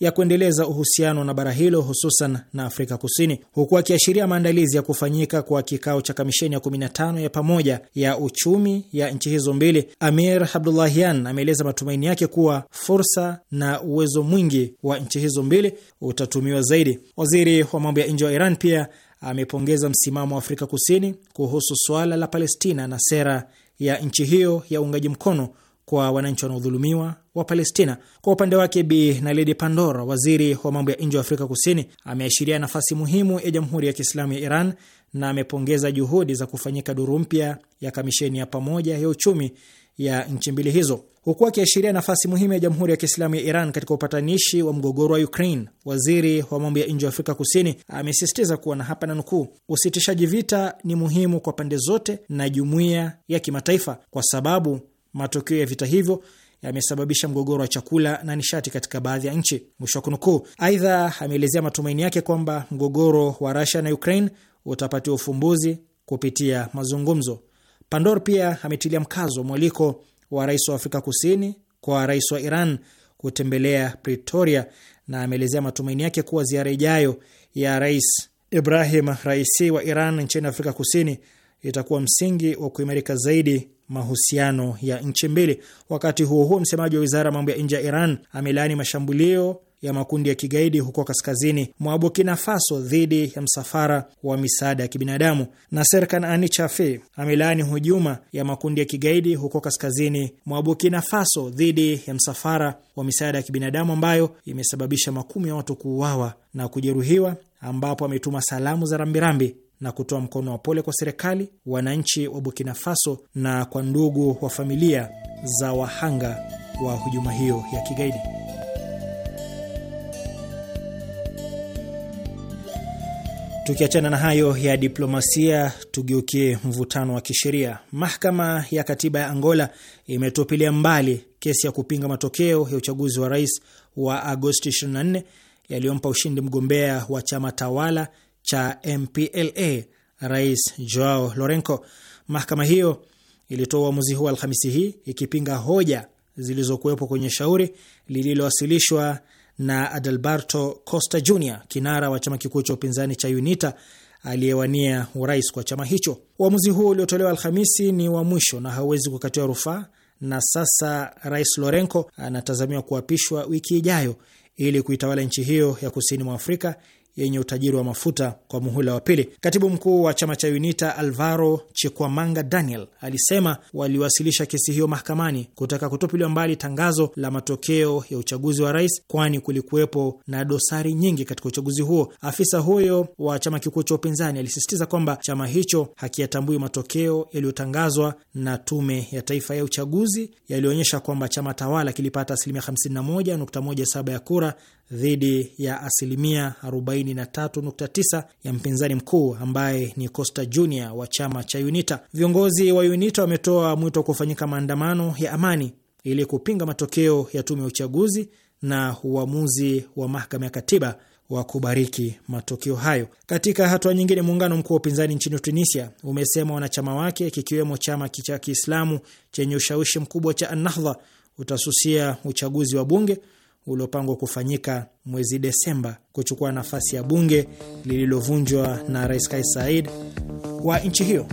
Speaker 6: ya kuendeleza uhusiano na bara hilo hususan na Afrika Kusini, huku akiashiria maandalizi ya kufanyika kwa kikao cha kamisheni ya 15 ya pamoja ya uchumi ya nchi hizo mbili. Amir Abdullahian ameeleza matumaini yake kuwa fursa na uwezo mwingi wa nchi hizo mbili utatumiwa zaidi. Waziri wa mambo ya nje wa Iran pia amepongeza msimamo wa Afrika Kusini kuhusu suala la Palestina na sera ya nchi hiyo ya uungaji mkono kwa wananchi wanaodhulumiwa wa Palestina. Kwa upande wake, Bi Naledi Pandor, waziri wa mambo ya nje wa Afrika Kusini, ameashiria nafasi muhimu ya Jamhuri ya Kiislamu ya Iran na amepongeza juhudi za kufanyika duru mpya ya kamisheni ya pamoja ya uchumi ya nchi mbili hizo, huku akiashiria nafasi muhimu ya Jamhuri ya Kiislamu ya Iran katika upatanishi wa mgogoro wa Ukraine. Waziri wa mambo ya nje wa Afrika Kusini amesisitiza kuwa, na hapa na nukuu, usitishaji vita ni muhimu kwa pande zote na jumuiya ya kimataifa kwa sababu matokeo ya vita hivyo yamesababisha mgogoro wa chakula na nishati katika baadhi ya nchi, mwisho wa kunukuu. Aidha, ameelezea matumaini yake kwamba mgogoro wa Rusia na Ukraine utapatiwa ufumbuzi kupitia mazungumzo. Pandor pia ametilia mkazo mwaliko wa rais wa Afrika Kusini kwa rais wa Iran kutembelea Pretoria na ameelezea matumaini yake kuwa ziara ijayo ya rais Ibrahim Raisi wa Iran nchini Afrika Kusini itakuwa msingi wa kuimarika zaidi mahusiano ya nchi mbili. Wakati huo huo, msemaji wa wizara ya mambo ya nje ya Iran amelaani mashambulio ya makundi ya kigaidi huko kaskazini mwa Burkina Faso dhidi ya msafara wa misaada ya kibinadamu. Na Serkan Ani amelaani hujuma ya makundi ya kigaidi huko kaskazini mwa Burkina Faso dhidi ya msafara wa misaada ya kibinadamu ambayo imesababisha makumi ya watu kuuawa na kujeruhiwa, ambapo ametuma salamu za rambirambi na kutoa mkono wa pole kwa serikali, wananchi wa Burkina Faso na kwa ndugu wa familia za wahanga wa hujuma hiyo ya kigaidi. Tukiachana na hayo ya diplomasia, tugeukie mvutano wa kisheria. Mahakama ya Katiba ya Angola imetupilia mbali kesi ya kupinga matokeo ya uchaguzi wa rais wa Agosti 24 yaliyompa ushindi mgombea wa chama tawala cha MPLA Rais Joao Lorenco. Mahakama hiyo ilitoa uamuzi huo Alhamisi hii ikipinga hoja zilizokuwepo kwenye shauri lililowasilishwa na Adalberto Costa Jr, kinara wa chama kikuu cha upinzani cha UNITA aliyewania urais kwa chama hicho. Uamuzi huo uliotolewa Alhamisi ni wa mwisho na hauwezi kukatiwa rufaa, na sasa Rais Lorenco anatazamiwa kuapishwa wiki ijayo ili kuitawala nchi hiyo ya kusini mwa Afrika yenye utajiri wa mafuta kwa muhula wa pili. Katibu mkuu wa chama cha UNITA Alvaro Chikwamanga Daniel alisema waliwasilisha kesi hiyo mahakamani kutaka kutupiliwa mbali tangazo la matokeo ya uchaguzi wa rais, kwani kulikuwepo na dosari nyingi katika uchaguzi huo. Afisa huyo wa chama kikuu cha upinzani alisisitiza kwamba chama hicho hakiyatambui matokeo yaliyotangazwa na Tume ya Taifa ya Uchaguzi yaliyoonyesha kwamba chama tawala kilipata asilimia 51.17 ya kura dhidi ya asilimia 43.9 ya mpinzani mkuu ambaye ni Costa Junior wa chama cha UNITA. Viongozi wa UNITA wametoa mwito wa kufanyika maandamano ya amani ili kupinga matokeo ya tume ya uchaguzi na uamuzi wa mahakama ya katiba wa kubariki matokeo hayo. Katika hatua nyingine, muungano mkuu wa upinzani nchini Tunisia umesema wanachama wake kikiwemo chama cha Kiislamu chenye ushawishi mkubwa cha Annahdha utasusia uchaguzi wa bunge uliopangwa kufanyika mwezi Desemba kuchukua nafasi ya bunge lililovunjwa na Rais Kais Saied wa nchi hiyo.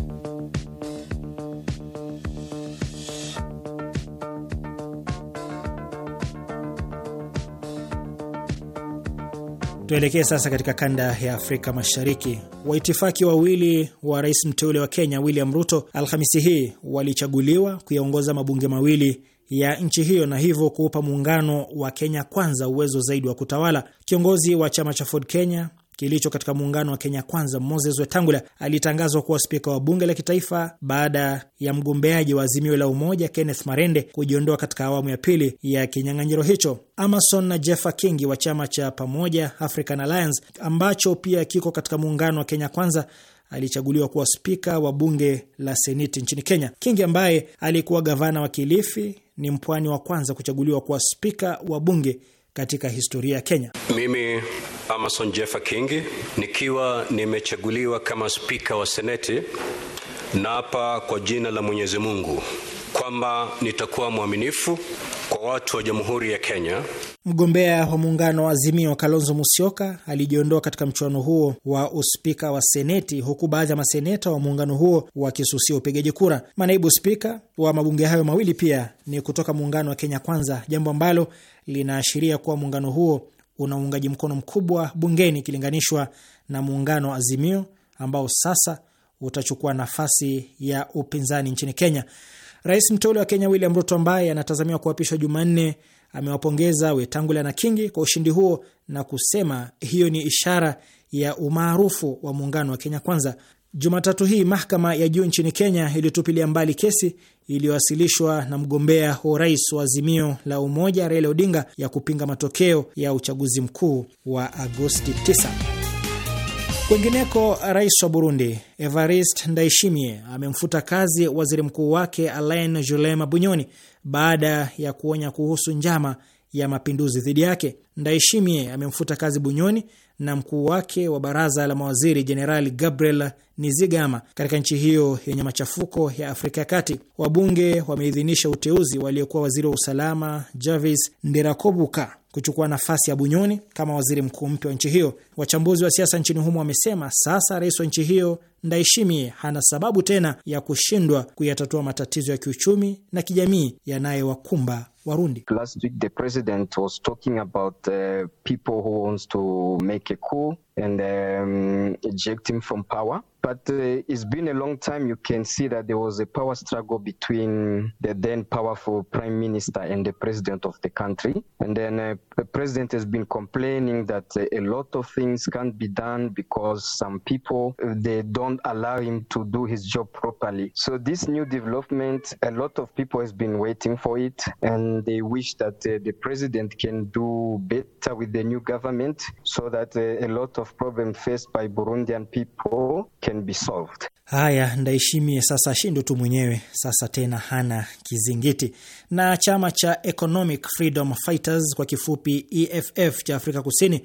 Speaker 6: Tuelekee sasa katika kanda ya Afrika Mashariki. Waitifaki wawili wa rais mteule wa Kenya William Ruto Alhamisi hii walichaguliwa kuyaongoza mabunge mawili ya nchi hiyo na hivyo kuupa muungano wa Kenya Kwanza uwezo zaidi wa kutawala. Kiongozi wa chama cha Ford Kenya kilicho katika muungano wa Kenya Kwanza, Moses Wetangula alitangazwa kuwa spika wa bunge la kitaifa baada ya mgombeaji wa Azimio la Umoja Kenneth Marende kujiondoa katika awamu ya pili ya kinyang'anyiro hicho. Amason na Jeffa Kingi wa chama cha Pamoja African Alliance ambacho pia kiko katika muungano wa Kenya Kwanza alichaguliwa kuwa spika wa bunge la seneti nchini Kenya. Kingi ambaye alikuwa gavana wa Kilifi ni mpwani wa kwanza kuchaguliwa kuwa spika wa bunge katika historia ya Kenya.
Speaker 2: Mimi Amason Jeffa Kingi nikiwa nimechaguliwa kama spika wa seneti, naapa kwa jina la Mwenyezi Mungu kwamba nitakuwa mwaminifu watu wa Jamhuri ya Kenya.
Speaker 6: Mgombea wa muungano wa Azimio Kalonzo Musyoka alijiondoa katika mchuano huo wa uspika wa Seneti, huku baadhi ya maseneta wa muungano huo wakisusia upigaji kura. Manaibu spika wa mabunge hayo mawili pia ni kutoka muungano wa Kenya Kwanza, jambo ambalo linaashiria kuwa muungano huo una uungaji mkono mkubwa bungeni ikilinganishwa na muungano wa Azimio ambao sasa utachukua nafasi ya upinzani nchini Kenya. Rais mteule wa Kenya William Ruto ambaye anatazamiwa kuapishwa Jumanne amewapongeza Wetangula na Kingi kwa ushindi huo na kusema hiyo ni ishara ya umaarufu wa muungano wa Kenya Kwanza. Jumatatu hii mahakama ya juu nchini Kenya ilitupilia mbali kesi iliyowasilishwa na mgombea wa urais wa Azimio la Umoja Raila Odinga ya kupinga matokeo ya uchaguzi mkuu wa Agosti 9. Kwengineko, rais wa Burundi evarist ndaishimie amemfuta kazi waziri mkuu wake Alain Julema Bunyoni baada ya kuonya kuhusu njama ya mapinduzi dhidi yake. ndaishimie amemfuta kazi Bunyoni na mkuu wake wa baraza la mawaziri Jenerali Gabriel Nizigama katika nchi hiyo yenye machafuko ya Afrika ya Kati. Wabunge wameidhinisha uteuzi waliokuwa waziri wa usalama Javis Nderakobuka kuchukua nafasi ya Bunyoni kama waziri mkuu mpya wa nchi hiyo. Wachambuzi wa siasa nchini humo wamesema sasa rais wa nchi hiyo Ndaishimie hana sababu tena ya kushindwa kuyatatua matatizo ya kiuchumi na kijamii yanayowakumba Warundi. Last week the president was talking about uh, people who wants to make a coup and um, eject him from power. But uh, it's been a long time. You can see that there was a power struggle between the then powerful prime minister and the president of the country. And then uh, the president has been complaining that uh, a lot of things can't be done because some people uh, they don't allow him to do his job properly. So this new development, a lot of people has been waiting for it, and they wish that uh, the president can do better with the new government so that uh, a lot of of problem faced by Burundian people can be solved. Haya, Ndaishimie sasa ashindo tu mwenyewe, sasa tena hana kizingiti. Na chama cha Economic Freedom Fighters kwa kifupi EFF cha Afrika Kusini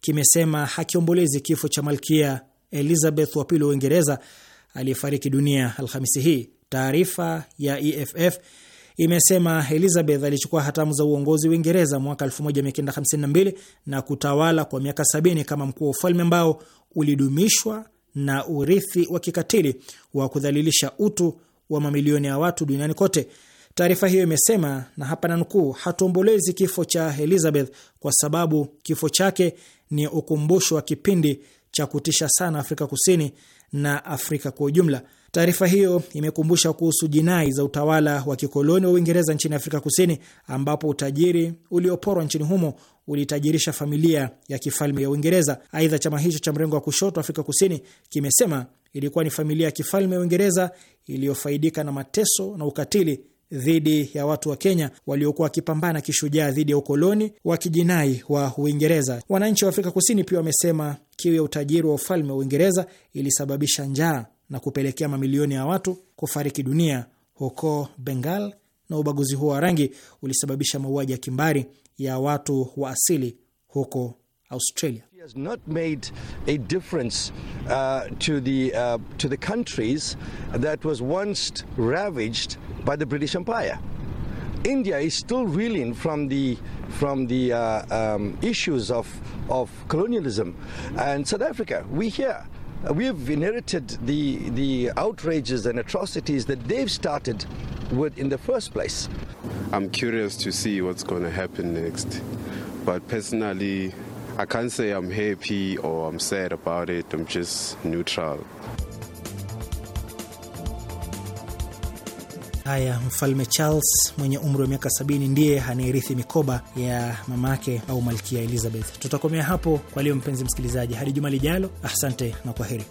Speaker 6: kimesema hakiombolezi kifo cha Malkia Elizabeth wa pili wa Uingereza aliyefariki dunia Alhamisi hii. Taarifa ya EFF imesema Elizabeth alichukua hatamu za uongozi Uingereza mwaka 1952 na kutawala kwa miaka 70 kama mkuu wa ufalme ambao ulidumishwa na urithi wa kikatili wa kudhalilisha utu wa mamilioni ya watu duniani kote. Taarifa hiyo imesema, na hapa nukuu, hatuombolezi kifo cha Elizabeth kwa sababu kifo chake ni ukumbusho wa kipindi cha kutisha sana Afrika Kusini na Afrika kwa ujumla. Taarifa hiyo imekumbusha kuhusu jinai za utawala wa kikoloni wa Uingereza nchini Afrika Kusini, ambapo utajiri ulioporwa nchini humo ulitajirisha familia ya kifalme ya Uingereza. Aidha, chama hicho cha mrengo wa kushoto Afrika Kusini kimesema ilikuwa ni familia ya kifalme ya Uingereza iliyofaidika na mateso na ukatili dhidi ya watu wa Kenya waliokuwa wakipambana kishujaa dhidi ya ukoloni wa kijinai wa Uingereza. Wananchi wa Afrika Kusini pia wamesema kiu ya utajiri wa ufalme wa Uingereza ilisababisha njaa na kupelekea mamilioni ya watu kufariki dunia huko Bengal, na ubaguzi huo wa rangi ulisababisha mauaji ya kimbari ya watu wa asili huko Australia.
Speaker 3: India is still reeling from the, from the uh, um, issues of, of colonialism and South Africa we
Speaker 1: here Uh, we've inherited the, the outrages and atrocities that they've started with in the
Speaker 2: first place. I'm curious to see what's going to happen next. But personally, I can't say I'm happy or I'm sad about it. I'm just neutral.
Speaker 6: Haya, mfalme Charles mwenye umri wa miaka sabini ndiye anayerithi mikoba ya mamake au malkia Elizabeth. Tutakomea hapo kwa leo, mpenzi msikilizaji, hadi juma lijalo. Asante na kwa heri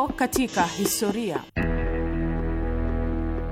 Speaker 2: Leo katika historia.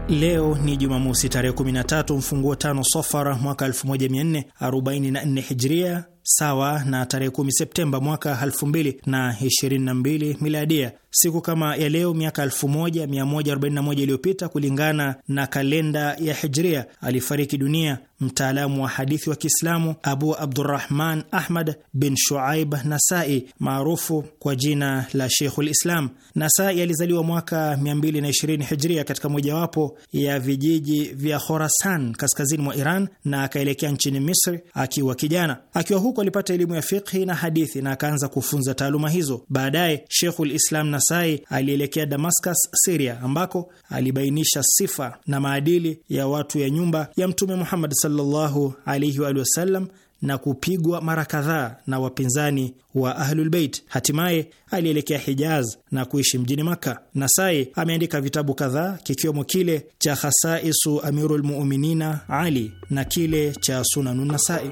Speaker 6: Leo ni Jumamosi tarehe 13 mfunguo tano Sofara mwaka 1444 Hijria, sawa na tarehe 10 Septemba mwaka 2022 Miladia. Siku kama ya leo miaka 1141 iliyopita kulingana na kalenda ya Hijria alifariki dunia mtaalamu wa hadithi wa Kiislamu Abu Abdurrahman Ahmad bin Shuaib Nasai maarufu kwa jina la Sheikhul Islam. Nasai alizaliwa mwaka 220 Hijria katika mojawapo ya vijiji vya Khorasan kaskazini mwa Iran na akaelekea nchini Misri akiwa kijana. Akiwa huko alipata elimu ya fiqhi na hadithi na akaanza kufunza taaluma hizo. Baadaye Sheikhul Islam Nasai alielekea Damascus, Siria, ambako alibainisha sifa na maadili ya watu ya nyumba ya Mtume Muhammad sallallahu alaihi wa sallam na kupigwa mara kadhaa na wapinzani wa Ahlulbeit. Hatimaye alielekea Hijaz na kuishi mjini Makka. Nasai ameandika vitabu kadhaa kikiwemo kile cha Khasaisu Amirulmuminina Ali na kile cha Sunanun Nasai.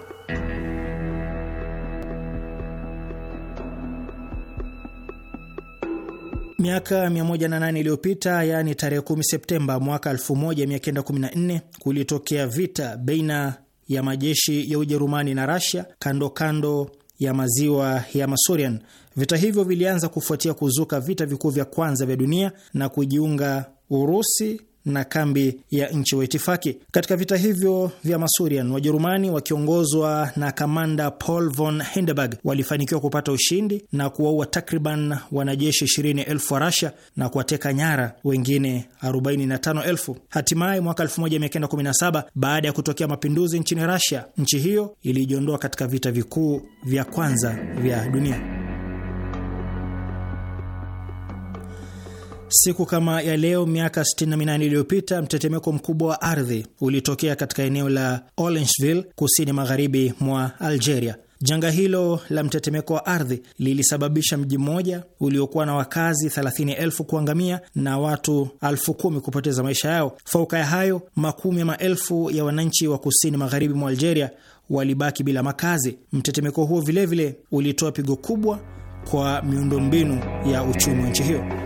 Speaker 6: Miaka 108 iliyopita, yaani tarehe 10 Septemba mwaka 1914, kulitokea vita baina ya majeshi ya Ujerumani na Russia kando kando ya maziwa ya Masurian. Vita hivyo vilianza kufuatia kuzuka vita vikuu vya kwanza vya dunia na kujiunga Urusi na kambi ya nchi wa itifaki. Katika vita hivyo vya Masurian, Wajerumani wakiongozwa na kamanda Paul von Hindenburg walifanikiwa kupata ushindi na kuwaua takriban wanajeshi ishirini elfu wa Rasia na kuwateka nyara wengine 45 Hatimaye mwaka 1917 baada ya kutokea mapinduzi nchini Rasia, nchi hiyo ilijiondoa katika vita vikuu vya kwanza vya dunia. Siku kama ya leo miaka 68 iliyopita mtetemeko mkubwa wa ardhi ulitokea katika eneo la Orangeville kusini magharibi mwa Algeria. Janga hilo la mtetemeko wa ardhi lilisababisha mji mmoja uliokuwa na wakazi 30,000 kuangamia na watu 10,000 kupoteza maisha yao. Fauka ya hayo, makumi ya maelfu ya wananchi wa kusini magharibi mwa Algeria walibaki bila makazi. Mtetemeko huo vilevile ulitoa pigo kubwa kwa miundombinu ya uchumi wa nchi hiyo.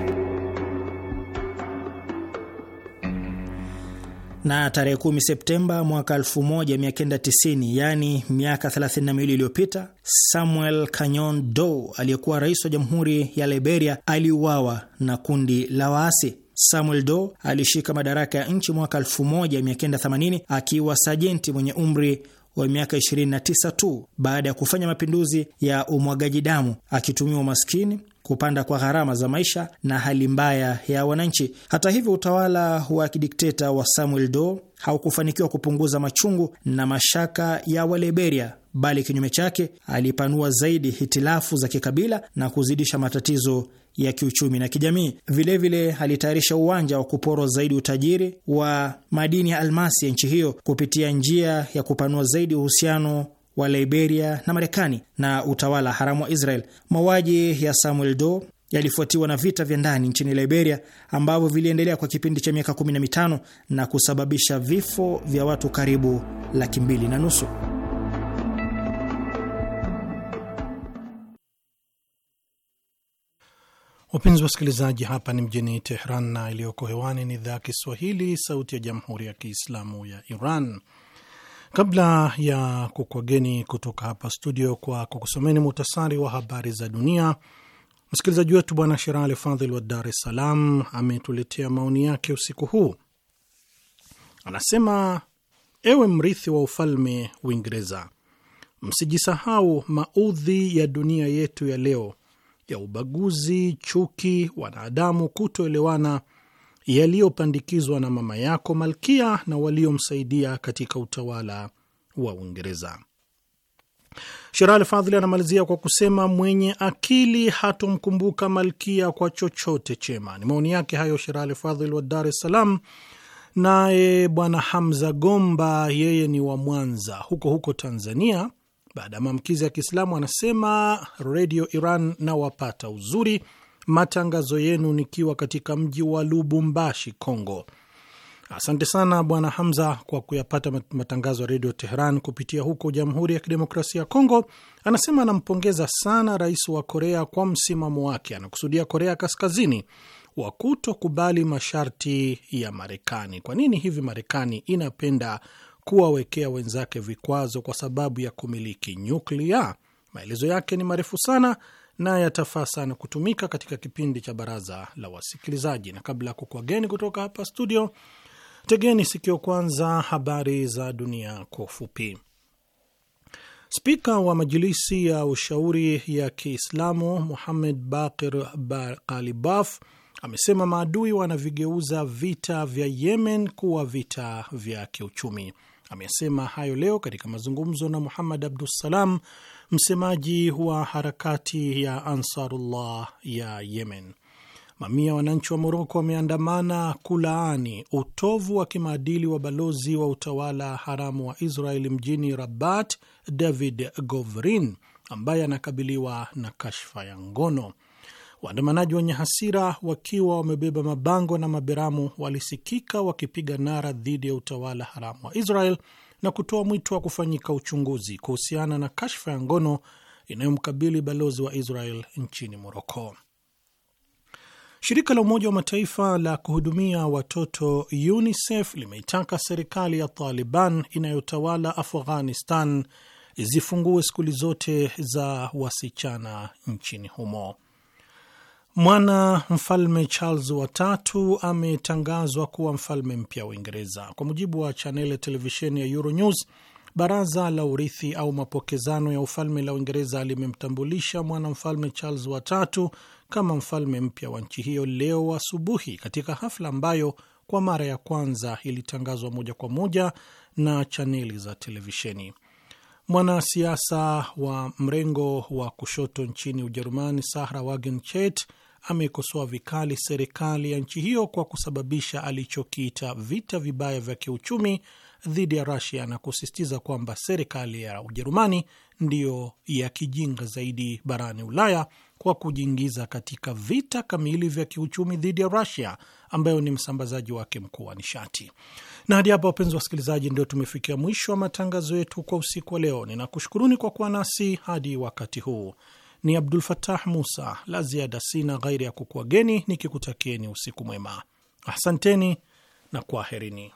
Speaker 6: na tarehe 10 Septemba mwaka 1990, yaani miaka 32 iliyopita, Samuel Canyon Doe aliyekuwa rais wa jamhuri ya Liberia aliuawa na kundi la waasi. Samuel Doe alishika madaraka ya nchi mwaka 1980 akiwa sajenti mwenye umri wa miaka 29 tu baada ya kufanya mapinduzi ya umwagaji damu, akitumia umaskini, kupanda kwa gharama za maisha na hali mbaya ya wananchi. Hata hivyo, utawala wa kidikteta wa Samuel Doe haukufanikiwa kupunguza machungu na mashaka ya Waliberia, bali kinyume chake alipanua zaidi hitilafu za kikabila na kuzidisha matatizo ya kiuchumi na kijamii. Vilevile alitayarisha uwanja wa kuporwa zaidi utajiri wa madini ya almasi ya nchi hiyo kupitia njia ya kupanua zaidi uhusiano wa Liberia na Marekani na utawala haramu wa Israel. Mauaji ya Samuel Doe yalifuatiwa na vita vya ndani nchini Liberia ambavyo viliendelea kwa kipindi cha miaka 15 na kusababisha vifo vya watu karibu laki mbili na nusu.
Speaker 3: Wapenzi wasikilizaji, hapa ni mjini Tehran na iliyoko hewani ni idhaa ya Kiswahili, sauti ya jamhuri ya kiislamu ya Iran. Kabla ya kukwageni kutoka hapa studio kwa kukusomeni muhtasari wa habari za dunia, msikilizaji wetu Bwana Sherali Fadhil wa Dar es Salaam ametuletea maoni yake usiku huu. Anasema, ewe mrithi wa ufalme Uingereza, msijisahau maudhi ya dunia yetu ya leo ya ubaguzi, chuki, wanadamu kutoelewana yaliyopandikizwa na mama yako malkia na waliomsaidia katika utawala wa Uingereza. Shera Alfadhili anamalizia kwa kusema mwenye akili hatomkumbuka malkia kwa chochote chema. Ni maoni yake hayo Shera Alfadhili wa Dar es Salaam. Naye bwana Hamza Gomba, yeye ni wa Mwanza huko huko Tanzania, baada ya maamkizi ya Kiislamu, anasema Redio Iran nawapata uzuri matangazo yenu nikiwa katika mji wa Lubumbashi, congo Asante sana Bwana Hamza kwa kuyapata matangazo ya Redio Teheran kupitia huko Jamhuri ya Kidemokrasia ya Kongo. Anasema anampongeza sana rais wa Korea kwa msimamo wake, anakusudia Korea Kaskazini, wa kutokubali masharti ya Marekani. Kwa nini hivi Marekani inapenda kuwawekea wenzake vikwazo kwa sababu ya kumiliki nyuklia. Maelezo yake ni marefu sana na yatafaa sana kutumika katika kipindi cha baraza la wasikilizaji, na kabla ya kukwageni kutoka hapa studio, tegeni sikio kwanza habari za dunia kwa ufupi. Spika wa Majilisi ya Ushauri ya Kiislamu Muhamed Bakir Kalibaf amesema maadui wanavigeuza vita vya Yemen kuwa vita vya kiuchumi. Amesema hayo leo katika mazungumzo na Muhammad Abdussalam, msemaji wa harakati ya Ansarullah ya Yemen. Mamia wananchi wa Moroko wameandamana kulaani utovu wa kimaadili wa balozi wa utawala haramu wa Israeli mjini Rabat, David Govrin, ambaye anakabiliwa na kashfa ya ngono. Waandamanaji wenye hasira wakiwa wamebeba mabango na maberamu walisikika wakipiga nara dhidi ya utawala haramu wa Israel na kutoa mwito wa kufanyika uchunguzi kuhusiana na kashfa ya ngono inayomkabili balozi wa Israel nchini Moroko. Shirika la Umoja wa Mataifa la kuhudumia watoto UNICEF limeitaka serikali ya Taliban inayotawala Afghanistan zifungue skuli zote za wasichana nchini humo. Mwana mfalme Charles watatu ametangazwa kuwa mfalme mpya wa Uingereza. Kwa mujibu wa chaneli ya televisheni ya Euronews, baraza la urithi au mapokezano ya ufalme la Uingereza limemtambulisha mwanamfalme Charles watatu kama mfalme mpya wa nchi hiyo leo asubuhi, katika hafla ambayo kwa mara ya kwanza ilitangazwa moja kwa moja na chaneli za televisheni. Mwanasiasa wa mrengo wa kushoto nchini Ujerumani, Sahra Wagenknecht amekosoa vikali serikali ya nchi hiyo kwa kusababisha alichokiita vita vibaya vya kiuchumi dhidi ya rasia na kusisitiza kwamba serikali ya Ujerumani ndiyo ya kijinga zaidi barani Ulaya kwa kujiingiza katika vita kamili vya kiuchumi dhidi ya rasia ambayo ni msambazaji wake mkuu wa nishati. Na hadi hapa, wapenzi wasikilizaji, ndio tumefikia mwisho wa matangazo yetu kwa usiku wa leo. Ninakushukuruni kwa kuwa nasi hadi wakati huu ni Abdul Fatah Musa. La ziada sina ghairi ya kukuageni nikikutakieni usiku mwema. Asanteni na kwaherini.